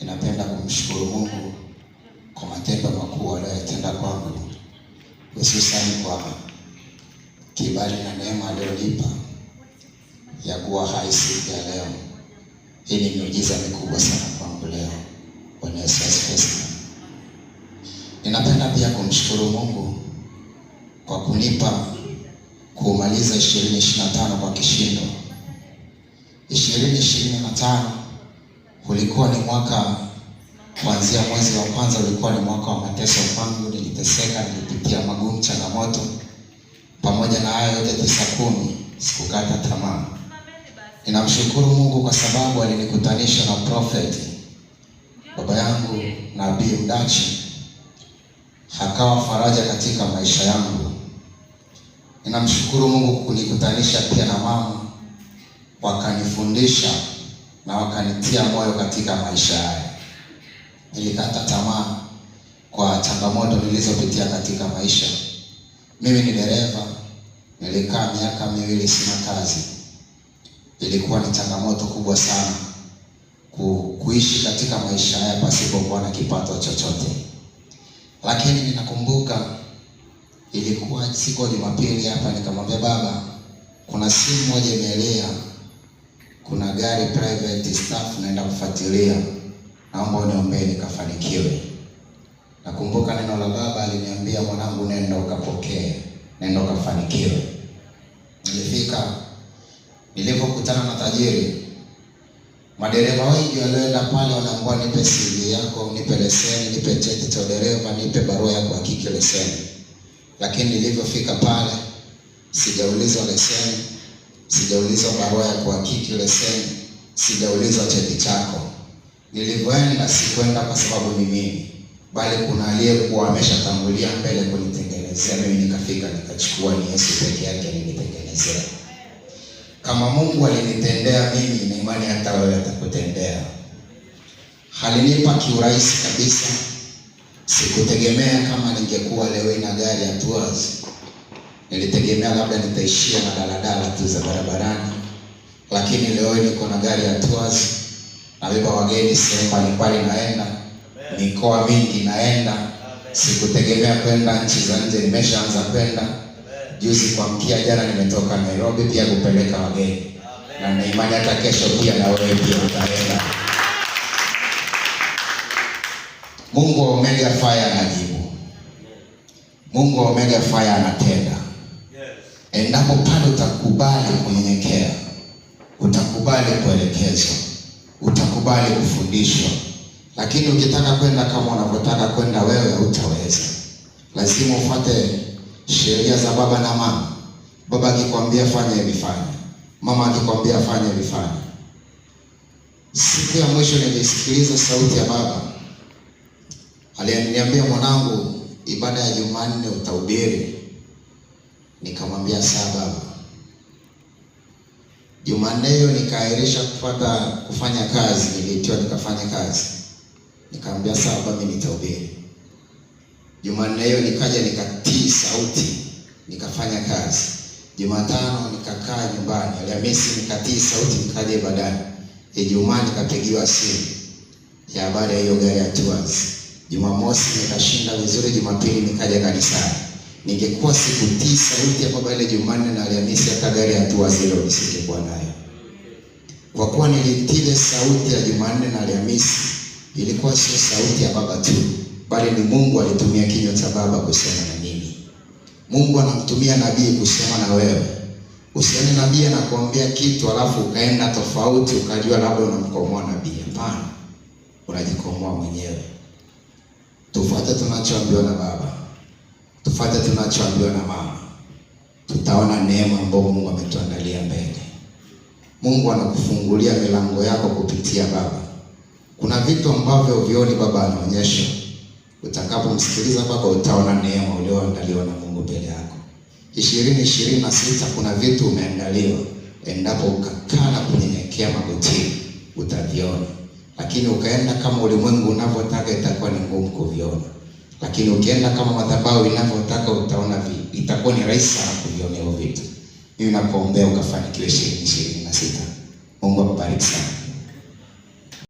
Ninapenda kumshukuru Mungu kwa matendo makuu aliyotenda kwangu, hususani kwa kibali na neema aliyonipa ya kuwa hai siku ya leo. Hii ni miujiza mikubwa sana kwangu leo. Bwana Yesu asifiwe. Ninapenda pia kumshukuru Mungu kwa kunipa kuumaliza 2025 kwa kishindo. 2025 Ulikuwa ni mwaka kuanzia mwezi wa kwanza, ulikuwa ni mwaka wa mateso kwangu. Niliteseka, nilipitia magumu, changamoto. Pamoja na hayo yote tisa kumi, sikukata tamaa. Ninamshukuru Mungu kwa sababu alinikutanisha na prophet baba yangu nabii Mdachi, akawa faraja katika maisha yangu. Ninamshukuru Mungu kunikutanisha pia na mama, wakanifundisha na wakanitia moyo katika maisha haya. Nilikata tamaa kwa changamoto nilizopitia katika maisha. Mimi ni dereva, nilikaa miaka miwili sina kazi. Ilikuwa ni changamoto kubwa sana ku, kuishi katika maisha haya pasipokuwa na kipato chochote, lakini ninakumbuka ilikuwa siku ya Jumapili hapa, nikamwambia baba, kuna simu moja imeelea kuna gari private staff naenda kufuatilia, naomba uniombee nikafanikiwe. Nakumbuka neno la baba aliniambia, mwanangu, nenda ukapokee, nenda ukafanikiwe. Nilifika, nilipokutana na tajiri, madereva wengi walioenda pale wanaambia, nipe CV yako, nipe leseni, nipe cheti cha dereva, nipe barua ya kuhakiki leseni, lakini nilivyofika pale sijaulizwa leseni sijaulizwa barua ya kuhakiki leseni, sijaulizwa cheti chako. Nilivyoenda sikwenda kwa sababu ni mimi, bali kuna aliyekuwa ameshatangulia mbele kunitengenezea mimi. Nikafika nikachukua, ni Yesu peke yake alinitengenezea. Kama Mungu alinitendea mimi, na imani hata wewe atakutendea. Halinipa kiurahisi kabisa, sikutegemea kama ningekuwa leo ina gari ya tours Nilitegemea labda nitaishia na daladala tu za barabarani, lakini leo niko na gari ya tours, nabeba wageni sehemu mbalimbali, naenda mikoa mingi, naenda sikutegemea kwenda nchi za nje, nimeshaanza kwenda. Juzi kuamkia jana nimetoka Nairobi pia kupeleka wageni, na naimani hata kesho pia na wewe pia utaenda. Mungu wa Omega Fire anajibu. Mungu wa Omega Fire anatenda endapo pale utakubali kunyenyekea, utakubali kuelekezwa, utakubali kufundishwa. Lakini ukitaka kwenda kama unavyotaka kwenda wewe, utaweza. Lazima ufuate sheria za baba na mama. Baba akikwambia fanya hivi fanya, mama akikwambia fanya hivi fanya. Siku ya mwisho nilisikiliza sauti ya baba, aliyeniambia mwanangu, ibada ya Jumanne utahubiri Nikamwambia baba. Jumanne hiyo nikaahirisha kupata kufanya kazi, niliitiwa nikafanya kazi. Nikamwambia sawa, mimi nitahubiri. Jumanne hiyo nikaja nikatii sauti, nikafanya kazi. Jumatano nikakaa nyumbani, Alhamisi nikatii sauti, nikaja ibadani. Ijumaa nikapigiwa simu ya habari ya hiyo gari ya Tours. Jumamosi nikashinda vizuri, Jumapili nikaja kanisani ningekuwa siku tisa yote kwamba ile Jumanne na Alhamisi hata gari ya hatua zero nisingekuwa nayo. Kwa kuwa nilitile sauti ya Jumanne na Alhamisi ilikuwa sio sauti ya baba tu, bali ni Mungu alitumia kinywa cha baba kusema na mimi. Mungu anamtumia nabii kusema na wewe. Usiani nabii anakuambia kitu alafu ukaenda tofauti ukajua labda unamkomoa nabii. Hapana, unajikomoa mwenyewe. Tufuate tunachoambiwa na baba tufate tunachoambiwa na mama, tutaona neema ambayo Mungu ametuandalia mbele. Mungu anakufungulia milango yako kupitia baba. Kuna vitu ambavyo vioni baba anaonyesha. Utakapomsikiliza baba, utaona neema ulioandaliwa na Mungu mbele yako. ishirini ishirini na sita kuna vitu umeandaliwa, endapo ukakaa na kunyenyekea magotini utaviona, lakini ukaenda kama ulimwengu unavyotaka, itakuwa ni ngumu kuviona lakini ukienda kama madhabahu inavyotaka utaona vi, itakuwa ni rahisi sana kuvionea vitu. Mimi nakuombea ukafanikiwe ishirini ishirini na sita. Mungu akubariki sana.